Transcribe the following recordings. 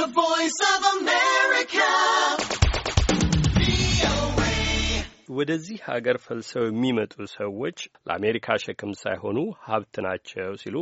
The Voice of America. ወደዚህ ሀገር ፈልሰው የሚመጡ ሰዎች ለአሜሪካ ሸክም ሳይሆኑ ሀብት ናቸው ሲሉ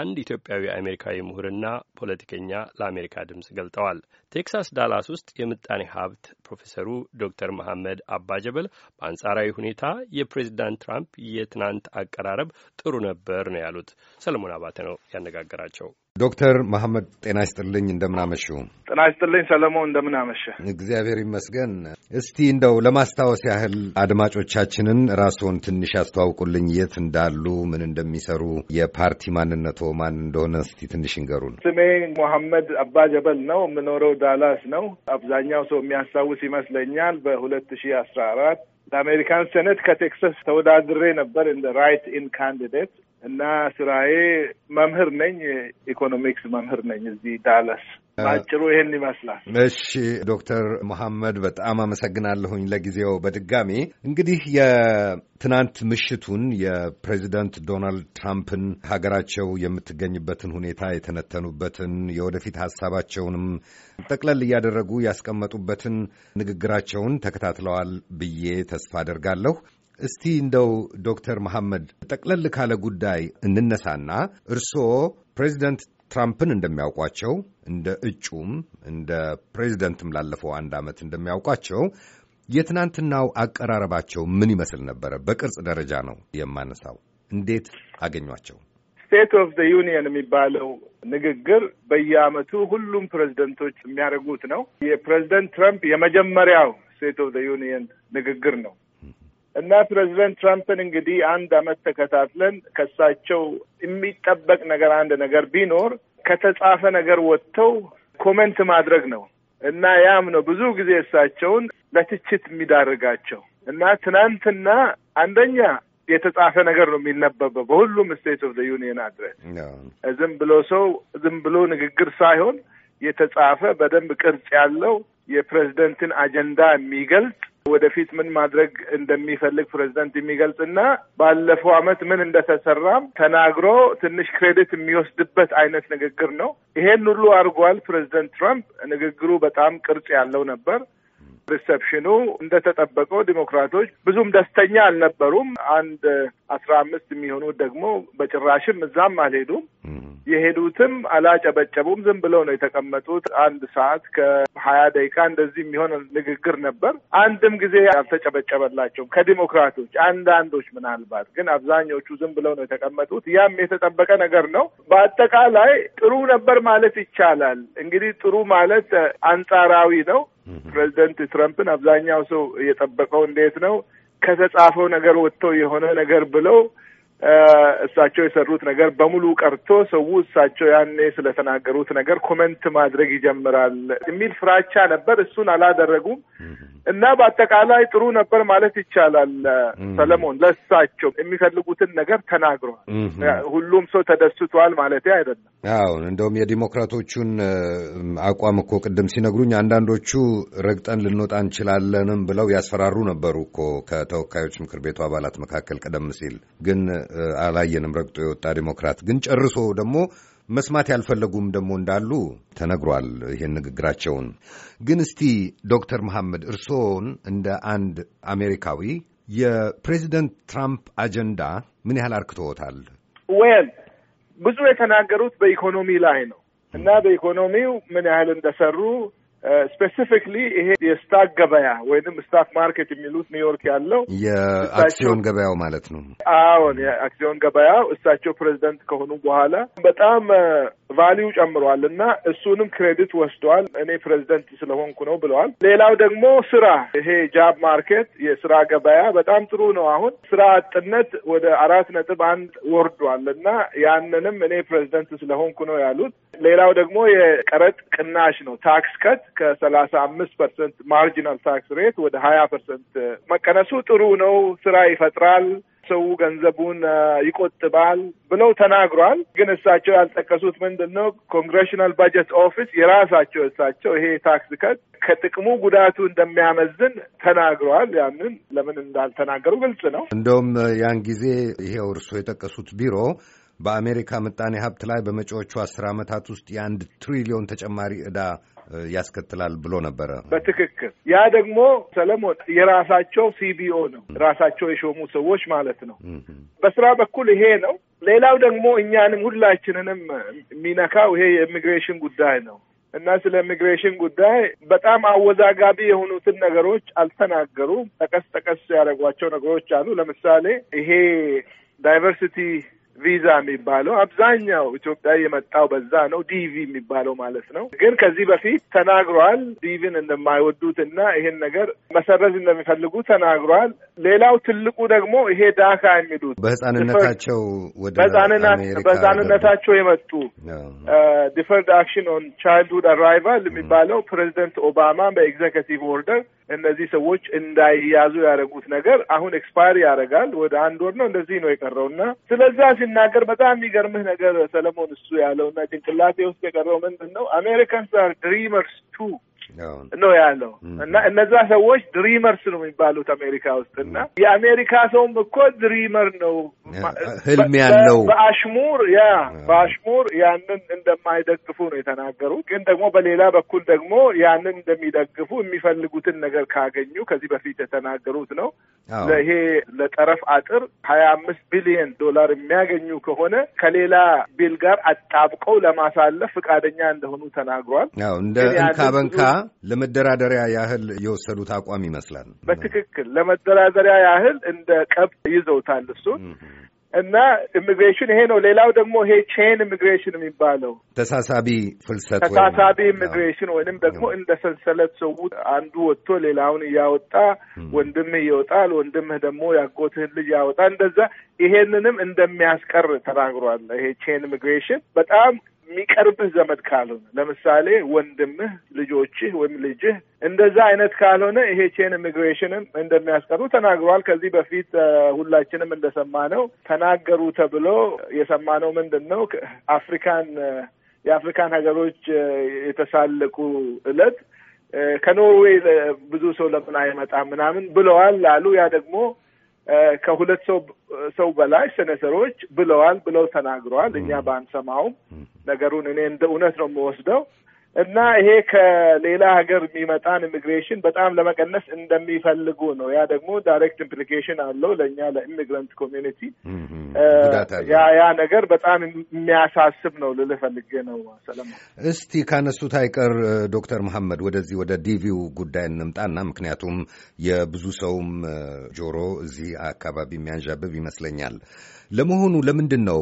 አንድ ኢትዮጵያዊ አሜሪካዊ ምሁርና ፖለቲከኛ ለአሜሪካ ድምፅ ገልጠዋል። ቴክሳስ ዳላስ ውስጥ የምጣኔ ሀብት ፕሮፌሰሩ ዶክተር መሐመድ አባጀበል በአንጻራዊ ሁኔታ የፕሬዚዳንት ትራምፕ የትናንት አቀራረብ ጥሩ ነበር ነው ያሉት። ሰለሞን አባተ ነው ያነጋገራቸው። ዶክተር መሐመድ ጤና ይስጥልኝ፣ አመሹ? ጤና ይስጥልኝ ሰለሞን፣ አመሸ? እግዚአብሔር ይመስገን። እስቲ እንደው ለማስታወስ ያህል አድማጮቻችንን ራስዎን ትንሽ አስተዋውቁልኝ፣ የት እንዳሉ፣ ምን እንደሚሰሩ፣ የፓርቲ ማንነቶ ማን እንደሆነ እስቲ ትንሽ ይንገሩን። ስሜ መሐመድ አባ ጀበል ነው። የምኖረው ዳላስ ነው። አብዛኛው ሰው የሚያስታውስ ይመስለኛል በሁለት ሺህ አስራ አራት ለአሜሪካን ሴኔት ከቴክሳስ ተወዳድሬ ነበር እንደ ራይት ኢን ካንዲዴት እና ስራዬ መምህር ነኝ። ኢኮኖሚክስ መምህር ነኝ እዚህ ዳለስ። በአጭሩ ይሄን ይመስላል። እሺ ዶክተር መሐመድ በጣም አመሰግናለሁኝ ለጊዜው። በድጋሚ እንግዲህ የትናንት ምሽቱን የፕሬዚደንት ዶናልድ ትራምፕን ሀገራቸው የምትገኝበትን ሁኔታ የተነተኑበትን የወደፊት ሀሳባቸውንም ጠቅለል እያደረጉ ያስቀመጡበትን ንግግራቸውን ተከታትለዋል ብዬ ተስፋ አደርጋለሁ። እስቲ እንደው ዶክተር መሐመድ ጠቅለል ካለ ጉዳይ እንነሳና እርስዎ ፕሬዚደንት ትራምፕን እንደሚያውቋቸው እንደ እጩም እንደ ፕሬዚደንትም ላለፈው አንድ ዓመት እንደሚያውቋቸው የትናንትናው አቀራረባቸው ምን ይመስል ነበረ? በቅርጽ ደረጃ ነው የማነሳው። እንዴት አገኟቸው? ስቴት ኦፍ ዘ ዩኒየን የሚባለው ንግግር በየዓመቱ ሁሉም ፕሬዚደንቶች የሚያደርጉት ነው። የፕሬዚደንት ትራምፕ የመጀመሪያው ስቴት ኦፍ ዘ ዩኒየን ንግግር ነው። እና ፕሬዚደንት ትራምፕን እንግዲህ አንድ አመት ተከታትለን ከሳቸው የሚጠበቅ ነገር አንድ ነገር ቢኖር ከተጻፈ ነገር ወጥተው ኮመንት ማድረግ ነው እና ያም ነው ብዙ ጊዜ እሳቸውን ለትችት የሚዳርጋቸው እና ትናንትና አንደኛ የተጻፈ ነገር ነው የሚነበበው በሁሉም ስቴት ኦፍ ዩኒየን አድረስ ዝም ብሎ ሰው ዝም ብሎ ንግግር ሳይሆን የተጻፈ በደንብ ቅርጽ ያለው የፕሬዝደንትን አጀንዳ የሚገልጽ ወደፊት ምን ማድረግ እንደሚፈልግ የሚገልጽ እና ባለፈው አመት ምን እንደተሰራም ተናግሮ ትንሽ ክሬዲት የሚወስድበት አይነት ንግግር ነው። ይሄን ሁሉ አድርጓል ፕሬዚደንት ትራምፕ። ንግግሩ በጣም ቅርጽ ያለው ነበር። ሪሰፕሽኑ እንደተጠበቀው ዲሞክራቶች ብዙም ደስተኛ አልነበሩም። አንድ አስራ አምስት የሚሆኑት ደግሞ በጭራሽም እዛም አልሄዱም። የሄዱትም አላጨበጨቡም። ዝም ብለው ነው የተቀመጡት። አንድ ሰዓት ከሀያ ደቂቃ እንደዚህ የሚሆን ንግግር ነበር። አንድም ጊዜ አልተጨበጨበላቸውም ከዲሞክራቶች አንዳንዶች ምናልባት፣ ግን አብዛኞቹ ዝም ብለው ነው የተቀመጡት። ያም የተጠበቀ ነገር ነው። በአጠቃላይ ጥሩ ነበር ማለት ይቻላል። እንግዲህ ጥሩ ማለት አንጻራዊ ነው። ፕሬዚደንት ትረምፕን አብዛኛው ሰው የጠበቀው እንዴት ነው ከተጻፈው ነገር ወጥቶ የሆነ ነገር ብለው እሳቸው የሰሩት ነገር በሙሉ ቀርቶ ሰው እሳቸው ያኔ ስለተናገሩት ነገር ኮመንት ማድረግ ይጀምራል የሚል ፍራቻ ነበር። እሱን አላደረጉም እና በአጠቃላይ ጥሩ ነበር ማለት ይቻላል። ሰለሞን ለእሳቸው የሚፈልጉትን ነገር ተናግሯል። ሁሉም ሰው ተደስቷል ማለት አይደለም። አሁን እንደውም የዲሞክራቶቹን አቋም እኮ ቅድም ሲነግሩኝ አንዳንዶቹ ረግጠን ልንወጣ እንችላለንም ብለው ያስፈራሩ ነበሩ እኮ ከተወካዮች ምክር ቤቱ አባላት መካከል ቀደም ሲል ግን አላየንም ረግጦ የወጣ ዴሞክራት ግን ጨርሶ ደግሞ መስማት ያልፈለጉም ደግሞ እንዳሉ ተነግሯል። ይሄን ንግግራቸውን ግን እስቲ ዶክተር መሐመድ እርስዎን እንደ አንድ አሜሪካዊ የፕሬዚደንት ትራምፕ አጀንዳ ምን ያህል አርክቶዎታል? ወይም ብዙ የተናገሩት በኢኮኖሚ ላይ ነው እና በኢኮኖሚው ምን ያህል እንደሰሩ ስፔሲፊክሊ ይሄ የስታክ ገበያ ወይንም ስታክ ማርኬት የሚሉት ኒውዮርክ ያለው የአክሲዮን ገበያው ማለት ነው። አዎን፣ የአክሲዮን ገበያው እሳቸው ፕሬዚደንት ከሆኑ በኋላ በጣም ቫሊዩ ጨምረዋል እና እሱንም ክሬዲት ወስደዋል። እኔ ፕሬዚደንት ስለሆንኩ ነው ብለዋል። ሌላው ደግሞ ስራ፣ ይሄ ጃብ ማርኬት የስራ ገበያ በጣም ጥሩ ነው። አሁን ስራ አጥነት ወደ አራት ነጥብ አንድ ወርዷል እና ያንንም እኔ ፕሬዚደንት ስለሆንኩ ነው ያሉት። ሌላው ደግሞ የቀረጥ ቅናሽ ነው ታክስ ከት ከሰላሳ አምስት ፐርሰንት ማርጂናል ታክስ ሬት ወደ ሀያ ፐርሰንት መቀነሱ ጥሩ ነው፣ ስራ ይፈጥራል፣ ሰው ገንዘቡን ይቆጥባል ብለው ተናግሯል። ግን እሳቸው ያልጠቀሱት ምንድን ነው? ኮንግሬሽናል ባጀት ኦፊስ የራሳቸው እሳቸው ይሄ ታክስ ከት ከጥቅሙ ጉዳቱ እንደሚያመዝን ተናግረዋል። ያንን ለምን እንዳልተናገሩ ግልጽ ነው። እንደውም ያን ጊዜ ይሄው እርስዎ የጠቀሱት ቢሮ በአሜሪካ ምጣኔ ሀብት ላይ በመጪዎቹ አስር ዓመታት ውስጥ የአንድ ትሪሊዮን ተጨማሪ ዕዳ ያስከትላል ብሎ ነበረ። በትክክል ያ ደግሞ ሰለሞን የራሳቸው ሲቢኦ ነው፣ ራሳቸው የሾሙ ሰዎች ማለት ነው። በስራ በኩል ይሄ ነው። ሌላው ደግሞ እኛንም ሁላችንንም የሚነካው ይሄ የኢሚግሬሽን ጉዳይ ነው እና ስለ ኢሚግሬሽን ጉዳይ በጣም አወዛጋቢ የሆኑትን ነገሮች አልተናገሩም። ጠቀስ ጠቀስ ያደረጓቸው ነገሮች አሉ። ለምሳሌ ይሄ ዳይቨርሲቲ ቪዛ የሚባለው አብዛኛው ኢትዮጵያ የመጣው በዛ ነው። ዲቪ የሚባለው ማለት ነው። ግን ከዚህ በፊት ተናግሯል። ዲቪን እንደማይወዱት እና ይሄን ነገር መሰረዝ እንደሚፈልጉ ተናግሯል። ሌላው ትልቁ ደግሞ ይሄ ዳካ የሚሉት በህጻንነታቸው በህጻንነታቸው የመጡ ዲፈርድ አክሽን ኦን ቻይልድሁድ አራይቫል የሚባለው ፕሬዚደንት ኦባማ በኤግዘኪቲቭ ኦርደር እነዚህ ሰዎች እንዳይያዙ ያደረጉት ነገር አሁን ኤክስፓየር ያደርጋል። ወደ አንድ ወር ነው እንደዚህ ነው የቀረው እና ስለዛ ሲናገር በጣም የሚገርምህ ነገር ሰለሞን እሱ ያለው እና ጭንቅላቴ ውስጥ የቀረው ምንድን ነው አሜሪካንስ አር ድሪመርስ ቱ ነው ያለው እና እነዛ ሰዎች ድሪመርስ ነው የሚባሉት አሜሪካ ውስጥ እና የአሜሪካ ሰውም እኮ ድሪመር ነው፣ ህልም ያለው በአሽሙር ያ በአሽሙር ያንን እንደማይደግፉ ነው የተናገሩ። ግን ደግሞ በሌላ በኩል ደግሞ ያንን እንደሚደግፉ የሚፈልጉትን ነገር ካገኙ ከዚህ በፊት የተናገሩት ነው። ይሄ ለጠረፍ አጥር ሀያ አምስት ቢሊየን ዶላር የሚያገኙ ከሆነ ከሌላ ቢል ጋር አጣብቀው ለማሳለፍ ፈቃደኛ እንደሆኑ ተናግሯል። እንደ እንካ በንካ ለመደራደሪያ ያህል የወሰዱት አቋም ይመስላል። በትክክል ለመደራደሪያ ያህል እንደ ቀብ ይዘውታል እሱን እና ኢሚግሬሽን ይሄ ነው። ሌላው ደግሞ ይሄ ቼን ኢሚግሬሽን የሚባለው ተሳሳቢ ፍልሰት፣ ተሳሳቢ ኢሚግሬሽን ወይንም ደግሞ እንደ ሰንሰለት ሰው አንዱ ወጥቶ ሌላውን እያወጣ ወንድምህ ይወጣል፣ ወንድምህ ደግሞ ያጎትህን ልጅ ያወጣ እንደዛ፣ ይሄንንም እንደሚያስቀር ተናግሯል። ይሄ ቼን ኢሚግሬሽን በጣም የሚቀርብህ ዘመድ ካልሆነ ለምሳሌ ወንድምህ፣ ልጆችህ ወይም ልጅህ እንደዛ አይነት ካልሆነ ይሄ ቼን ኢሚግሬሽንን እንደሚያስቀሩ ተናግሯል። ከዚህ በፊት ሁላችንም እንደሰማነው ተናገሩ ተብሎ የሰማነው ምንድን ነው አፍሪካን የአፍሪካን ሀገሮች የተሳለቁ እለት ከኖርዌይ ብዙ ሰው ለምን አይመጣም ምናምን ብለዋል አሉ። ያ ደግሞ ከሁለት ሰው ሰው በላይ ሴኔተሮች ብለዋል ብለው ተናግረዋል። እኛ ባንሰማውም ነገሩን እኔ እንደ እውነት ነው የምወስደው። እና ይሄ ከሌላ ሀገር የሚመጣን ኢሚግሬሽን በጣም ለመቀነስ እንደሚፈልጉ ነው። ያ ደግሞ ዳይሬክት ኢምፕሊኬሽን አለው ለእኛ ለኢሚግራንት ኮሚኒቲ። ያ ያ ነገር በጣም የሚያሳስብ ነው ልልህ ፈልጌ ነው። ሰለሞን እስቲ ካነሱት አይቀር ዶክተር መሐመድ ወደዚህ ወደ ዲቪው ጉዳይ እንምጣና ምክንያቱም የብዙ ሰውም ጆሮ እዚህ አካባቢ የሚያንዣብብ ይመስለኛል። ለመሆኑ ለምንድን ነው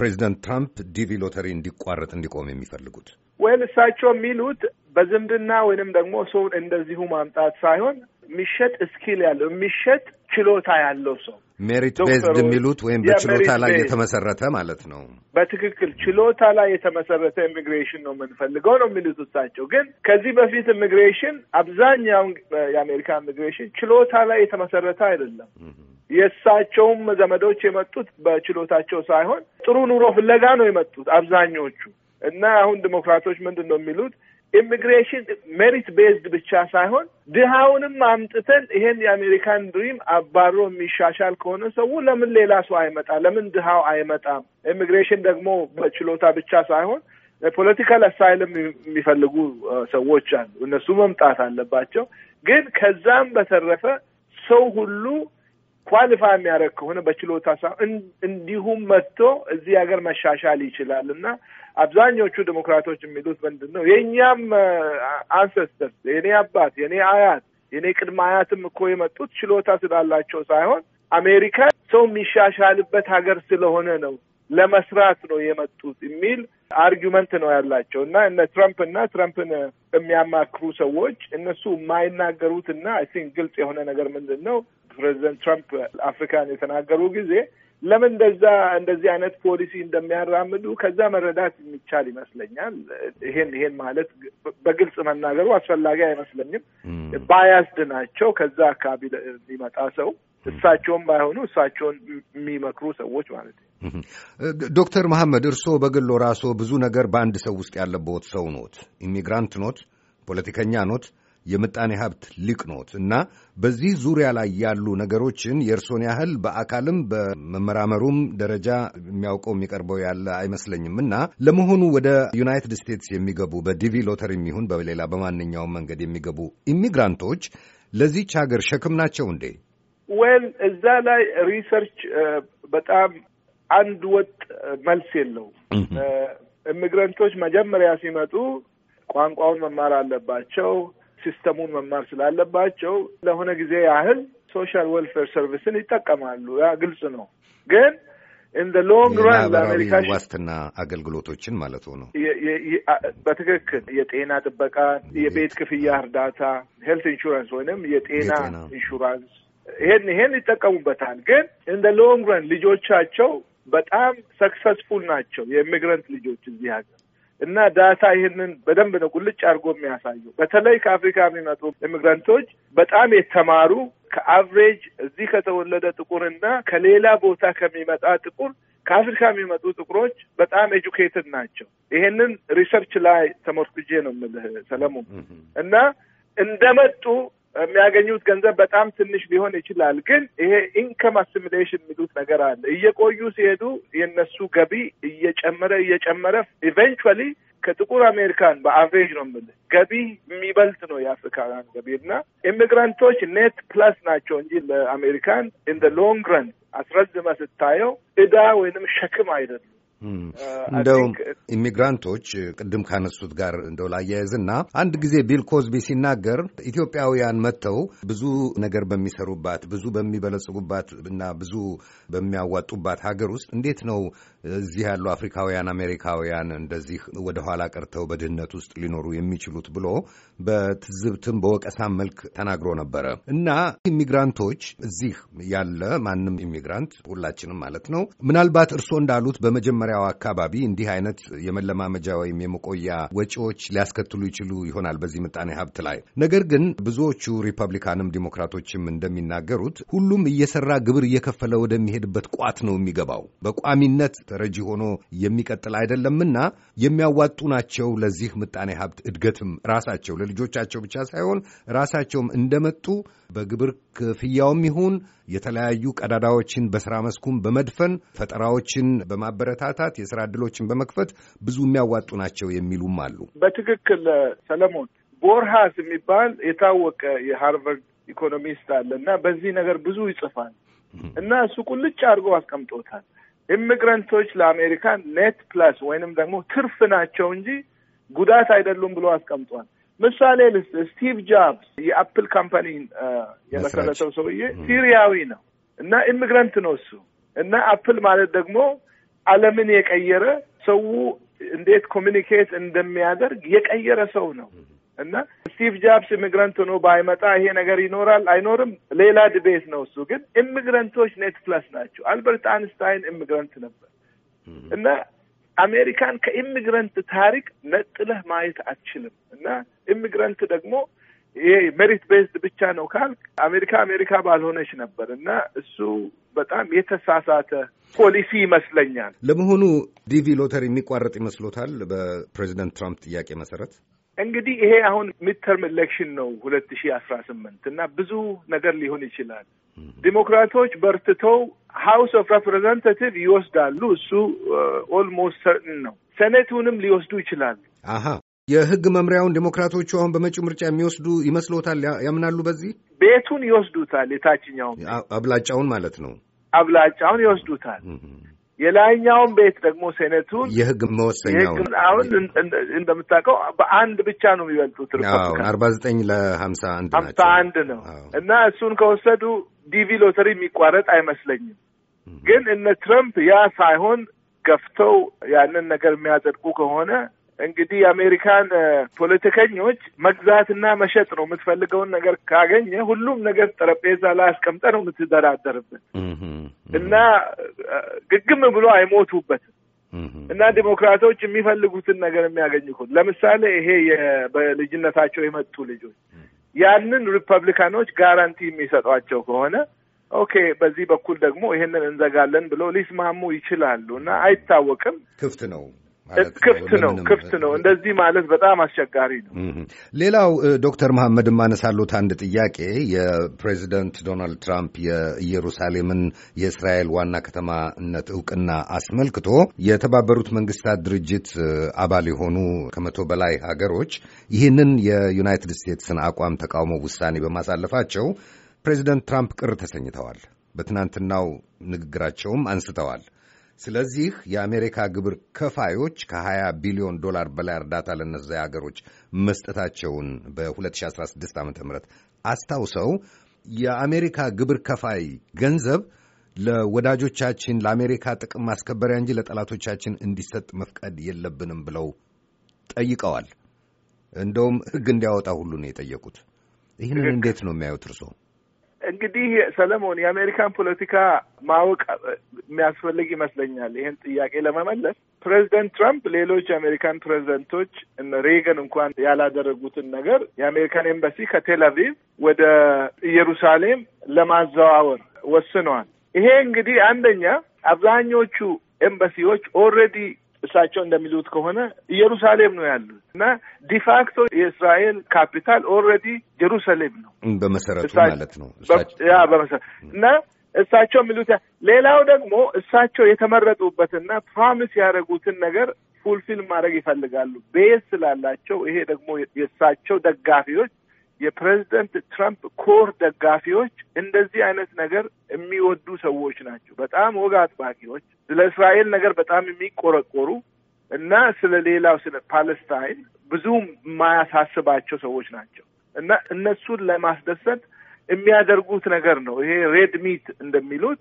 ፕሬዚደንት ትራምፕ ዲቪ ሎተሪ እንዲቋረጥ እንዲቆም የሚፈልጉት? ወይም እሳቸው የሚሉት በዝምድና ወይንም ደግሞ ሰውን እንደዚሁ ማምጣት ሳይሆን የሚሸጥ እስኪል ያለው የሚሸጥ ችሎታ ያለው ሰው ሜሪት ቤዝድ የሚሉት ወይም በችሎታ ላይ የተመሰረተ ማለት ነው። በትክክል ችሎታ ላይ የተመሰረተ ኢሚግሬሽን ነው የምንፈልገው ነው የሚሉት እሳቸው። ግን ከዚህ በፊት ኢሚግሬሽን አብዛኛውን የአሜሪካ ኢሚግሬሽን ችሎታ ላይ የተመሰረተ አይደለም። የእሳቸውም ዘመዶች የመጡት በችሎታቸው ሳይሆን ጥሩ ኑሮ ፍለጋ ነው የመጡት አብዛኞቹ። እና አሁን ዲሞክራቶች ምንድን ነው የሚሉት? ኢሚግሬሽን ሜሪት ቤዝድ ብቻ ሳይሆን ድሃውንም አምጥተን ይሄን የአሜሪካን ድሪም አባሮ የሚሻሻል ከሆነ ሰው ለምን ሌላ ሰው አይመጣ? ለምን ድሃው አይመጣም? ኢሚግሬሽን ደግሞ በችሎታ ብቻ ሳይሆን ፖለቲካል አሳይልም የሚፈልጉ ሰዎች አሉ። እነሱ መምጣት አለባቸው። ግን ከዛም በተረፈ ሰው ሁሉ ኳሊፋ የሚያደርግ ከሆነ በችሎታ ሳ እንዲሁም መጥቶ እዚህ ሀገር መሻሻል ይችላል እና አብዛኞቹ ዴሞክራቶች የሚሉት ምንድን ነው የእኛም አንሰስተር የኔ አባት የኔ አያት የኔ ቅድመ አያትም እኮ የመጡት ችሎታ ስላላቸው ሳይሆን አሜሪካ ሰው የሚሻሻልበት ሀገር ስለሆነ ነው ለመስራት ነው የመጡት የሚል አርጊመንት ነው ያላቸው እና እነ ትራምፕ እና ትራምፕን የሚያማክሩ ሰዎች እነሱ የማይናገሩት እና አይ ቲንክ ግልጽ የሆነ ነገር ምንድን ነው ፕሬዚደንት ትራምፕ አፍሪካን የተናገሩ ጊዜ ለምን እንደዛ እንደዚህ አይነት ፖሊሲ እንደሚያራምዱ ከዛ መረዳት የሚቻል ይመስለኛል። ይሄን ይሄን ማለት በግልጽ መናገሩ አስፈላጊ አይመስለኝም። ባያስድ ናቸው ከዛ አካባቢ የሚመጣ ሰው እሳቸውም ባይሆኑ እሳቸውን የሚመክሩ ሰዎች ማለት ነው። ዶክተር መሐመድ እርስዎ በግሎ ራስዎ ብዙ ነገር በአንድ ሰው ውስጥ ያለበት ሰው ኖት፣ ኢሚግራንት ኖት፣ ፖለቲከኛ ኖት የምጣኔ ሀብት ሊቅ ኖት እና በዚህ ዙሪያ ላይ ያሉ ነገሮችን የእርሶን ያህል በአካልም በመመራመሩም ደረጃ የሚያውቀው የሚቀርበው ያለ አይመስለኝም እና ለመሆኑ ወደ ዩናይትድ ስቴትስ የሚገቡ በዲቪ ሎተሪ የሚሆን በሌላ በማንኛውም መንገድ የሚገቡ ኢሚግራንቶች ለዚች ሀገር ሸክም ናቸው እንዴ? ወል እዛ ላይ ሪሰርች በጣም አንድ ወጥ መልስ የለውም። ኢሚግራንቶች መጀመሪያ ሲመጡ ቋንቋውን መማር አለባቸው። ሲስተሙን መማር ስላለባቸው ለሆነ ጊዜ ያህል ሶሻል ዌልፌር ሰርቪስን ይጠቀማሉ። ያ ግልጽ ነው። ግን እንደ ሎንግ ራን ለአሜሪካ ዋስትና አገልግሎቶችን ማለት ነው። በትክክል የጤና ጥበቃ፣ የቤት ክፍያ እርዳታ፣ ሄልት ኢንሹራንስ ወይንም የጤና ኢንሹራንስ ይሄን ይሄን ይጠቀሙበታል። ግን እንደ ሎንግ ራን ልጆቻቸው በጣም ሰክሰስፉል ናቸው። የኢሚግረንት ልጆች እዚህ ሀገር እና ዳታ ይህንን በደንብ ነው ጉልጭ አድርጎ የሚያሳየው። በተለይ ከአፍሪካ የሚመጡ ኢሚግራንቶች በጣም የተማሩ ከአቭሬጅ እዚህ ከተወለደ ጥቁር እና ከሌላ ቦታ ከሚመጣ ጥቁር ከአፍሪካ የሚመጡ ጥቁሮች በጣም ኤጁኬትድ ናቸው። ይሄንን ሪሰርች ላይ ተሞርኩጄ ነው የምልህ ሰለሞን እና እንደመጡ የሚያገኙት ገንዘብ በጣም ትንሽ ሊሆን ይችላል። ግን ይሄ ኢንከም አሲሚሌሽን የሚሉት ነገር አለ። እየቆዩ ሲሄዱ የነሱ ገቢ እየጨመረ እየጨመረ ኢቨንቹዋሊ ከጥቁር አሜሪካን በአቬጅ ነው የምልህ ገቢ የሚበልጥ ነው የአፍሪካውያን ገቢ እና ኢሚግራንቶች ኔት ፕላስ ናቸው እንጂ ለአሜሪካን ኢን ሎንግ ረን አስረዝመ ስታየው እዳ ወይንም ሸክም አይደሉም። Hmm. እንደው ኢሚግራንቶች ቅድም ካነሱት ጋር እንደው ላያይዝና አንድ ጊዜ ቢል ኮዝቢ ሲናገር ኢትዮጵያውያን መጥተው ብዙ ነገር በሚሰሩባት ብዙ በሚበለጽጉባት እና ብዙ በሚያዋጡባት ሀገር ውስጥ እንዴት ነው እዚህ ያሉ አፍሪካውያን አሜሪካውያን እንደዚህ ወደኋላ ቀርተው በድህነት ውስጥ ሊኖሩ የሚችሉት ብሎ በትዝብትም በወቀሳም መልክ ተናግሮ ነበረ እና ኢሚግራንቶች እዚህ ያለ ማንም ኢሚግራንት ሁላችንም ማለት ነው ምናልባት እርስዎ እንዳሉት በመጀመሪያ በመጀመሪያው አካባቢ እንዲህ አይነት የመለማመጃ ወይም የመቆያ ወጪዎች ሊያስከትሉ ይችሉ ይሆናል በዚህ ምጣኔ ሀብት ላይ። ነገር ግን ብዙዎቹ ሪፐብሊካንም ዲሞክራቶችም እንደሚናገሩት ሁሉም እየሰራ ግብር እየከፈለ ወደሚሄድበት ቋት ነው የሚገባው። በቋሚነት ተረጂ ሆኖ የሚቀጥል አይደለምና የሚያዋጡ ናቸው ለዚህ ምጣኔ ሀብት እድገትም ራሳቸው ለልጆቻቸው ብቻ ሳይሆን ራሳቸውም እንደመጡ በግብር ክፍያውም ይሁን የተለያዩ ቀዳዳዎችን በስራ መስኩም በመድፈን ፈጠራዎችን በማበረታት ማበረታታት፣ የስራ ዕድሎችን በመክፈት ብዙ የሚያዋጡ ናቸው የሚሉም አሉ። በትክክል ሰለሞን ቦርሃስ የሚባል የታወቀ የሃርቨርድ ኢኮኖሚስት አለ እና በዚህ ነገር ብዙ ይጽፋል እና እሱ ቁልጭ አድርጎ አስቀምጦታል። ኢሚግረንቶች ለአሜሪካ ኔት ፕላስ ወይንም ደግሞ ትርፍ ናቸው እንጂ ጉዳት አይደሉም ብሎ አስቀምጧል። ምሳሌ ልስጥ። ስቲቭ ጃብስ የአፕል ካምፓኒ የመሰረተው ሰውዬ ሲሪያዊ ነው እና ኢሚግረንት ነው እሱ እና አፕል ማለት ደግሞ ዓለምን የቀየረ ሰው እንዴት ኮሚኒኬት እንደሚያደርግ የቀየረ ሰው ነው እና ስቲቭ ጃብስ ኢሚግራንት ሆኖ ባይመጣ ይሄ ነገር ይኖራል አይኖርም፣ ሌላ ድቤት ነው እሱ። ግን ኢሚግራንቶች ኔት ፕላስ ናቸው። አልበርት አንስታይን ኢሚግራንት ነበር እና አሜሪካን ከኢሚግራንት ታሪክ ነጥለህ ማየት አትችልም እና ኢሚግራንት ደግሞ ይሄ ሜሪት ቤዝድ ብቻ ነው ካልክ አሜሪካ አሜሪካ ባልሆነች ነበር እና እሱ በጣም የተሳሳተ ፖሊሲ ይመስለኛል። ለመሆኑ ዲቪ ሎተሪ የሚቋረጥ ይመስሎታል? በፕሬዚደንት ትራምፕ ጥያቄ መሰረት እንግዲህ ይሄ አሁን ሚድተርም ኤሌክሽን ነው ሁለት ሺህ አስራ ስምንት እና ብዙ ነገር ሊሆን ይችላል። ዲሞክራቶች በርትተው ሀውስ ኦፍ ሬፕሬዘንታቲቭ ይወስዳሉ። እሱ ኦልሞስት ሰርጥን ነው። ሴኔቱንም ሊወስዱ ይችላሉ። አሃ የህግ መምሪያውን ዴሞክራቶቹ አሁን በመጪው ምርጫ የሚወስዱ ይመስሎታል? ያምናሉ? በዚህ ቤቱን ይወስዱታል። የታችኛውን አብላጫውን ማለት ነው። አብላጫውን ይወስዱታል። የላይኛውን ቤት ደግሞ ሴኔቱን የህግ መወሰኛውን አሁን እንደምታውቀው በአንድ ብቻ ነው የሚበልጡት። አርባ ዘጠኝ ለሀምሳ አንድ ሀምሳ አንድ ነው እና እሱን ከወሰዱ ዲቪ ሎተሪ የሚቋረጥ አይመስለኝም። ግን እነ ትረምፕ ያ ሳይሆን ገፍተው ያንን ነገር የሚያጸድቁ ከሆነ እንግዲህ የአሜሪካን ፖለቲከኞች መግዛትና መሸጥ ነው የምትፈልገውን ነገር ካገኘ ሁሉም ነገር ጠረጴዛ ላይ አስቀምጠ ነው የምትደራደርበት እና ግግም ብሎ አይሞቱበትም እና ዲሞክራቶች የሚፈልጉትን ነገር የሚያገኙት ለምሳሌ ይሄ በልጅነታቸው የመጡ ልጆች ያንን ሪፐብሊካኖች ጋራንቲ የሚሰጧቸው ከሆነ ኦኬ በዚህ በኩል ደግሞ ይሄንን እንዘጋለን ብሎ ሊስማሙ ይችላሉ እና አይታወቅም። ክፍት ነው ክፍት ነው ክፍት ነው። እንደዚህ ማለት በጣም አስቸጋሪ ነው። ሌላው ዶክተር መሐመድ ማነሳሉት አንድ ጥያቄ የፕሬዚደንት ዶናልድ ትራምፕ የኢየሩሳሌምን የእስራኤል ዋና ከተማነት እውቅና አስመልክቶ የተባበሩት መንግስታት ድርጅት አባል የሆኑ ከመቶ በላይ ሀገሮች ይህንን የዩናይትድ ስቴትስን አቋም ተቃውሞ ውሳኔ በማሳለፋቸው ፕሬዚደንት ትራምፕ ቅር ተሰኝተዋል። በትናንትናው ንግግራቸውም አንስተዋል። ስለዚህ የአሜሪካ ግብር ከፋዮች ከ20 ቢሊዮን ዶላር በላይ እርዳታ ለእነዚያ ሀገሮች መስጠታቸውን በ2016 ዓ ም አስታውሰው የአሜሪካ ግብር ከፋይ ገንዘብ ለወዳጆቻችን ለአሜሪካ ጥቅም ማስከበሪያ እንጂ ለጠላቶቻችን እንዲሰጥ መፍቀድ የለብንም ብለው ጠይቀዋል። እንደውም ሕግ እንዲያወጣ ሁሉ ነው የጠየቁት። ይህንን እንዴት ነው የሚያዩት እርስዎ? እንግዲህ ሰለሞን የአሜሪካን ፖለቲካ ማወቅ የሚያስፈልግ ይመስለኛል። ይህን ጥያቄ ለመመለስ ፕሬዚደንት ትራምፕ ሌሎች የአሜሪካን ፕሬዚደንቶች እነ ሬገን እንኳን ያላደረጉትን ነገር የአሜሪካን ኤምባሲ ከቴል አቪቭ ወደ ኢየሩሳሌም ለማዘዋወር ወስነዋል። ይሄ እንግዲህ አንደኛ አብዛኞቹ ኤምባሲዎች ኦልሬዲ እሳቸው እንደሚሉት ከሆነ ኢየሩሳሌም ነው ያሉት እና ዲፋክቶ የእስራኤል ካፒታል ኦልሬዲ ጀሩሳሌም ነው በመሰረቱ ማለት ነው። ያ በመሰረቱ እና እሳቸው የሚሉት ሌላው ደግሞ እሳቸው የተመረጡበትና ፕሮሚስ ያደረጉትን ነገር ፉልፊል ማድረግ ይፈልጋሉ ቤዝ ስላላቸው። ይሄ ደግሞ የእሳቸው ደጋፊዎች የፕሬዚደንት ትራምፕ ኮር ደጋፊዎች እንደዚህ አይነት ነገር የሚወዱ ሰዎች ናቸው። በጣም ወግ አጥባቂዎች፣ ስለ እስራኤል ነገር በጣም የሚቆረቆሩ እና ስለ ሌላው ስለ ፓለስታይን ብዙም የማያሳስባቸው ሰዎች ናቸው እና እነሱን ለማስደሰት የሚያደርጉት ነገር ነው። ይሄ ሬድ ሚት እንደሚሉት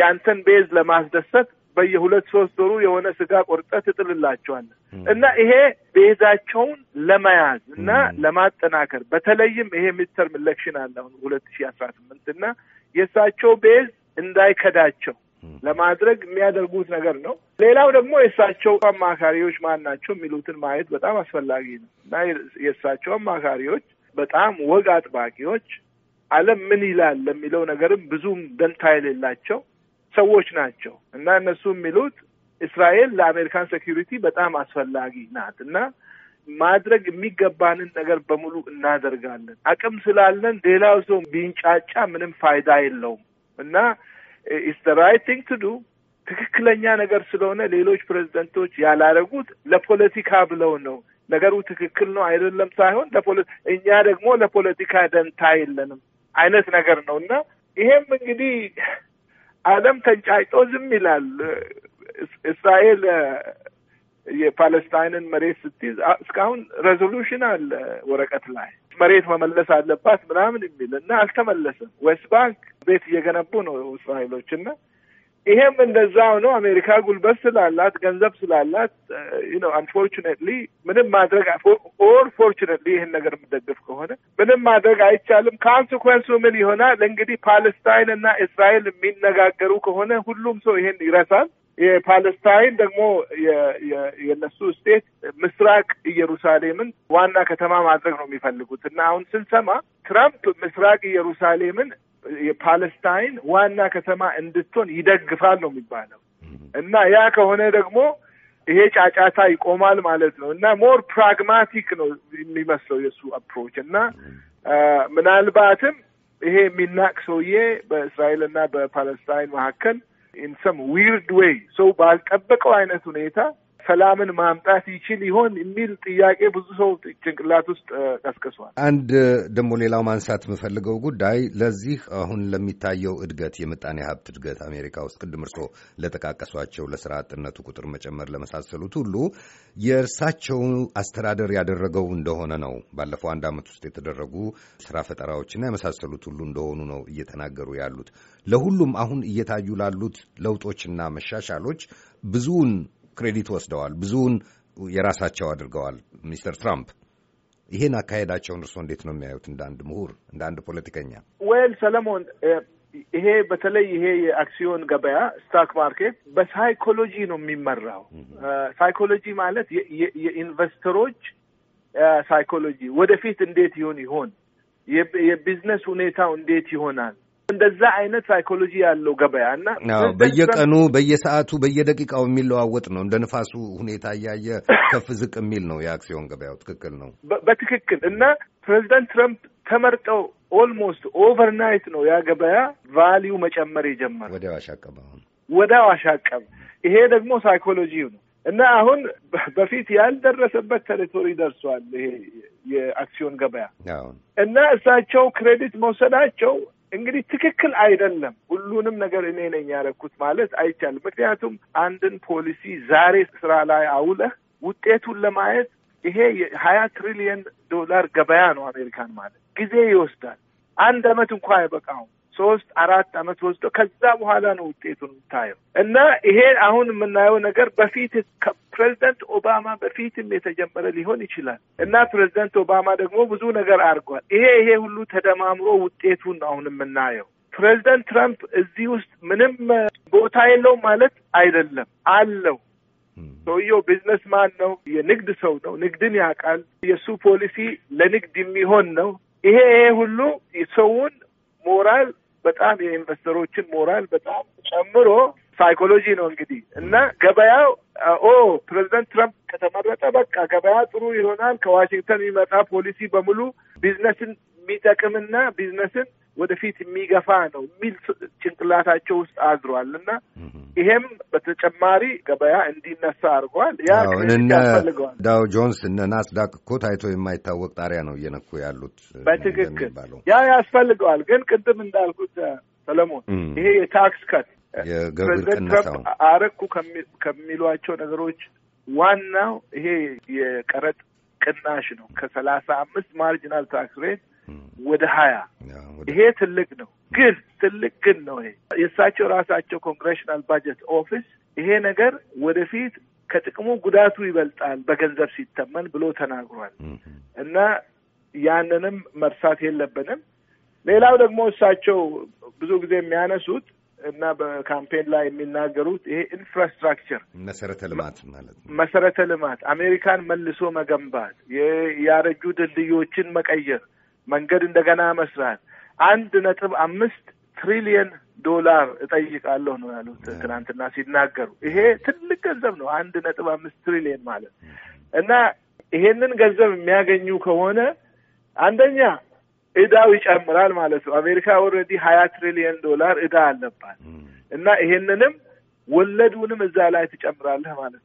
ያንተን ቤዝ ለማስደሰት በየሁለት ሶስት ወሩ የሆነ ስጋ ቆርጠህ ትጥልላቸዋለህ እና ይሄ ቤዛቸውን ለመያዝ እና ለማጠናከር በተለይም ይሄ ሚድተርም ኢሌክሽን አለ አሁን ሁለት ሺ አስራ ስምንት እና የእሳቸው ቤዝ እንዳይከዳቸው ለማድረግ የሚያደርጉት ነገር ነው። ሌላው ደግሞ የእሳቸው አማካሪዎች ማን ናቸው የሚሉትን ማየት በጣም አስፈላጊ ነው እና የእሳቸው አማካሪዎች በጣም ወግ አጥባቂዎች ዓለም ምን ይላል ለሚለው ነገርም ብዙም ደንታ የሌላቸው ሰዎች ናቸው እና እነሱ የሚሉት እስራኤል ለአሜሪካን ሴኪሪቲ በጣም አስፈላጊ ናት እና ማድረግ የሚገባንን ነገር በሙሉ እናደርጋለን። አቅም ስላለን ሌላው ሰው ቢንጫጫ ምንም ፋይዳ የለውም እና ኢስ ዘ ራይት ቲንግ ቱ ዱ ትክክለኛ ነገር ስለሆነ ሌሎች ፕሬዚደንቶች ያላረጉት ለፖለቲካ ብለው ነው። ነገሩ ትክክል ነው አይደለም ሳይሆን እኛ ደግሞ ለፖለቲካ ደንታ የለንም። አይነት ነገር ነው እና ይሄም እንግዲህ ዓለም ተንጫጭቶ ዝም ይላል። እስራኤል የፓለስታይንን መሬት ስትይዝ እስካሁን ሬዞሉሽን አለ ወረቀት ላይ መሬት መመለስ አለባት ምናምን የሚል እና አልተመለሰም። ዌስት ባንክ ቤት እየገነቡ ነው እስራኤሎች እና ይሄም እንደዛው ነው። አሜሪካ ጉልበት ስላላት ገንዘብ ስላላት ነው። uh, አንፎርቹኔትሊ ምንም ማድረግ ኦር ፎርቹኔትሊ ይህን ነገር የምደግፍ ከሆነ ምንም ማድረግ አይቻልም። ካንስኮንሱ ምን ይሆናል እንግዲህ ፓለስታይን እና እስራኤል የሚነጋገሩ ከሆነ ሁሉም ሰው ይሄን ይረሳል። የፓለስታይን ደግሞ የእነሱ ስቴት ምስራቅ ኢየሩሳሌምን ዋና ከተማ ማድረግ ነው የሚፈልጉት እና አሁን ስንሰማ ትራምፕ ምስራቅ ኢየሩሳሌምን የፓለስታይን ዋና ከተማ እንድትሆን ይደግፋል ነው የሚባለው እና ያ ከሆነ ደግሞ ይሄ ጫጫታ ይቆማል ማለት ነው እና ሞር ፕራግማቲክ ነው የሚመስለው የእሱ አፕሮች እና ምናልባትም ይሄ የሚናቅ ሰውዬ በእስራኤልና በፓለስታይን መካከል ኢንሰም ዊርድ ዌይ ሰው ባልጠበቀው አይነት ሁኔታ ሰላምን ማምጣት ይችል ይሆን የሚል ጥያቄ ብዙ ሰው ጭንቅላት ውስጥ ቀስቅሷል። አንድ ደግሞ ሌላው ማንሳት የምፈልገው ጉዳይ ለዚህ አሁን ለሚታየው እድገት የምጣኔ ሀብት እድገት አሜሪካ ውስጥ ቅድም እርሶ ለጠቃቀሷቸው ለስራ አጥነቱ ቁጥር መጨመር ለመሳሰሉት ሁሉ የእርሳቸው አስተዳደር ያደረገው እንደሆነ ነው። ባለፈው አንድ ዓመት ውስጥ የተደረጉ ስራ ፈጠራዎችና የመሳሰሉት ሁሉ እንደሆኑ ነው እየተናገሩ ያሉት። ለሁሉም አሁን እየታዩ ላሉት ለውጦችና መሻሻሎች ብዙውን ክሬዲት ወስደዋል፣ ብዙውን የራሳቸው አድርገዋል ሚስተር ትራምፕ። ይህን አካሄዳቸውን እርስዎ እንዴት ነው የሚያዩት? እንደ አንድ ምሁር፣ እንደ አንድ ፖለቲከኛ። ወይል ሰለሞን፣ ይሄ በተለይ ይሄ የአክሲዮን ገበያ ስታክ ማርኬት በሳይኮሎጂ ነው የሚመራው። ሳይኮሎጂ ማለት የኢንቨስተሮች ሳይኮሎጂ ወደፊት እንዴት ይሆን ይሆን የቢዝነስ ሁኔታው እንዴት ይሆናል እንደዛ አይነት ሳይኮሎጂ ያለው ገበያ እና በየቀኑ በየሰዓቱ በየደቂቃው የሚለዋወጥ ነው። እንደ ንፋሱ ሁኔታ እያየ ከፍ ዝቅ የሚል ነው የአክሲዮን ገበያው። ትክክል ነው፣ በትክክል እና ፕሬዚዳንት ትረምፕ ተመርጠው ኦልሞስት ኦቨርናይት ነው ያ ገበያ ቫሊዩ መጨመር የጀመረ ወዲያው አሻቀበ። አሁን ወዲያው አሻቀበ። ይሄ ደግሞ ሳይኮሎጂ ነው እና አሁን በፊት ያልደረሰበት ቴሪቶሪ ደርሷል ይሄ የአክሲዮን ገበያ እና እሳቸው ክሬዲት መውሰዳቸው እንግዲህ ትክክል አይደለም። ሁሉንም ነገር እኔ ነኝ ያደረኩት ማለት አይቻልም። ምክንያቱም አንድን ፖሊሲ ዛሬ ስራ ላይ አውለህ ውጤቱን ለማየት ይሄ የሀያ ትሪሊየን ዶላር ገበያ ነው አሜሪካን ማለት ጊዜ ይወስዳል። አንድ አመት እንኳ አይበቃውም። ሶስት አራት አመት ወስዶ ከዛ በኋላ ነው ውጤቱን የምታየው። እና ይሄ አሁን የምናየው ነገር በፊት ከፕሬዚደንት ኦባማ በፊትም የተጀመረ ሊሆን ይችላል እና ፕሬዚደንት ኦባማ ደግሞ ብዙ ነገር አድርጓል። ይሄ ይሄ ሁሉ ተደማምሮ ውጤቱን አሁን የምናየው ፕሬዚደንት ትራምፕ እዚህ ውስጥ ምንም ቦታ የለው ማለት አይደለም፣ አለው። ሰውየው ቢዝነስማን ነው፣ የንግድ ሰው ነው፣ ንግድን ያውቃል። የእሱ ፖሊሲ ለንግድ የሚሆን ነው። ይሄ ይሄ ሁሉ ሰውን ሞራል በጣም የኢንቨስተሮችን ሞራል በጣም ጨምሮ ሳይኮሎጂ ነው እንግዲህ እና ገበያው ኦ ፕሬዚደንት ትራምፕ ከተመረጠ በቃ ገበያ ጥሩ ይሆናል። ከዋሽንግተን የሚመጣ ፖሊሲ በሙሉ ቢዝነስን የሚጠቅምና ቢዝነስን ወደፊት የሚገፋ ነው የሚል ጭንቅላታቸው ውስጥ አዝሯል እና ይሄም በተጨማሪ ገበያ እንዲነሳ አድርጓል። ያ ያስፈልገዋል። ዳው ጆንስ እነ ናስዳክ እኮ ታይቶ የማይታወቅ ጣሪያ ነው እየነኩ ያሉት። በትክክል ያ ያስፈልገዋል። ግን ቅድም እንዳልኩት ሰለሞን፣ ይሄ የታክስ ከት ፕሬዚደንት አረኩ ከሚሏቸው ነገሮች ዋናው ይሄ የቀረጥ ቅናሽ ነው ከሰላሳ አምስት ማርጂናል ታክስ ሬት ወደ ሀያ ይሄ ትልቅ ነው፣ ግን ትልቅ ግን ነው ይሄ የእሳቸው ራሳቸው ኮንግሬሽናል ባጀት ኦፊስ ይሄ ነገር ወደፊት ከጥቅሙ ጉዳቱ ይበልጣል በገንዘብ ሲተመን ብሎ ተናግሯል እና ያንንም መርሳት የለብንም። ሌላው ደግሞ እሳቸው ብዙ ጊዜ የሚያነሱት እና በካምፔን ላይ የሚናገሩት ይሄ ኢንፍራስትራክቸር መሰረተ ልማት ማለት ነው። መሰረተ ልማት አሜሪካን መልሶ መገንባት፣ ያረጁ ድልድዮችን መቀየር መንገድ እንደገና መስራት አንድ ነጥብ አምስት ትሪሊየን ዶላር እጠይቃለሁ ነው ያሉት ትናንትና ሲናገሩ። ይሄ ትልቅ ገንዘብ ነው፣ አንድ ነጥብ አምስት ትሪሊየን ማለት እና ይሄንን ገንዘብ የሚያገኙ ከሆነ አንደኛ እዳው ይጨምራል ማለት ነው። አሜሪካ ኦልሬዲ ሀያ ትሪሊየን ዶላር እዳ አለባት እና ይሄንንም ወለዱንም እዛ ላይ ትጨምራለህ ማለት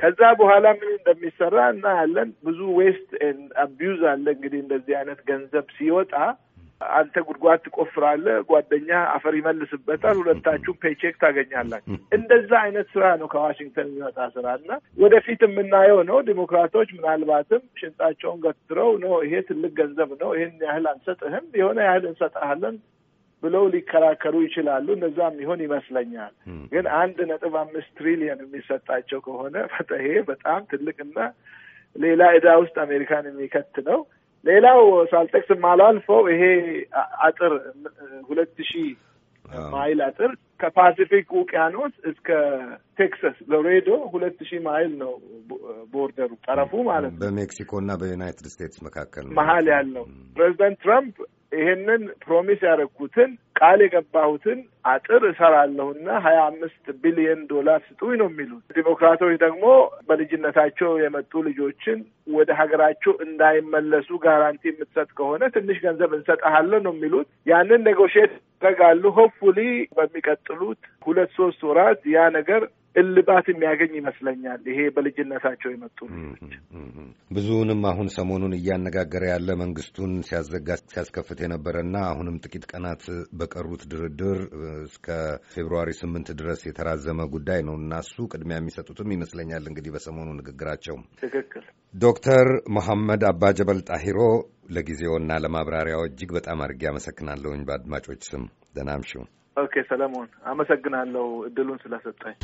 ከዛ በኋላ ምን እንደሚሰራ እናያለን። ብዙ ዌስት ኤንድ አቢዩዝ አለ። እንግዲህ እንደዚህ አይነት ገንዘብ ሲወጣ አንተ ጉድጓድ ትቆፍራለህ፣ ጓደኛ አፈር ይመልስበታል። ሁለታችሁም ፔቼክ ታገኛላችሁ። እንደዛ አይነት ስራ ነው ከዋሽንግተን የሚወጣ ስራ እና ወደፊት የምናየው ነው። ዲሞክራቶች ምናልባትም ሽንጣቸውን ገትረው ነው ይሄ ትልቅ ገንዘብ ነው፣ ይህን ያህል አንሰጥህም፣ የሆነ ያህል እንሰጥሃለን ብለው ሊከራከሩ ይችላሉ። እነዛም ይሆን ይመስለኛል። ግን አንድ ነጥብ አምስት ትሪሊየን የሚሰጣቸው ከሆነ ይሄ በጣም ትልቅና ሌላ እዳ ውስጥ አሜሪካን የሚከት ነው። ሌላው ሳልጠቅስ ማላልፈው ይሄ አጥር ሁለት ሺህ ማይል አጥር ከፓሲፊክ ውቅያኖስ እስከ ቴክሳስ ሎሬዶ ሁለት ሺህ ማይል ነው ቦርደሩ ጠረፉ ማለት ነው። በሜክሲኮ እና በዩናይትድ ስቴትስ መካከል መሀል ያለው ፕሬዚደንት ትራምፕ ይሄንን ፕሮሚስ ያደረግኩትን ቃል የገባሁትን አጥር እሰራለሁና ሀያ አምስት ቢሊየን ዶላር ስጡኝ ነው የሚሉት። ዲሞክራቶች ደግሞ በልጅነታቸው የመጡ ልጆችን ወደ ሀገራቸው እንዳይመለሱ ጋራንቲ የምትሰጥ ከሆነ ትንሽ ገንዘብ እንሰጥሃለን ነው የሚሉት። ያንን ኔጎሽት ያደርጋሉ። ሆፕፉሊ በሚቀጥሉት ሁለት ሶስት ወራት ያ ነገር እልባት የሚያገኝ ይመስለኛል። ይሄ በልጅነታቸው የመጡ ልጆች ብዙውንም አሁን ሰሞኑን እያነጋገረ ያለ መንግስቱን ሲያዘጋ ሲያስከፍት የነበረና አሁንም ጥቂት ቀናት በቀሩት ድርድር እስከ ፌብርዋሪ ስምንት ድረስ የተራዘመ ጉዳይ ነው እና እሱ ቅድሚያ የሚሰጡትም ይመስለኛል። እንግዲህ በሰሞኑ ንግግራቸው ትክክል። ዶክተር መሐመድ አባ ጀበል ጣሂሮ ለጊዜውና ለማብራሪያው እጅግ በጣም አድርጌ አመሰግናለሁኝ። በአድማጮች ስም ደህና ኦኬ ሰለሞን አመሰግናለሁ እድሉን ስለሰጠኝ።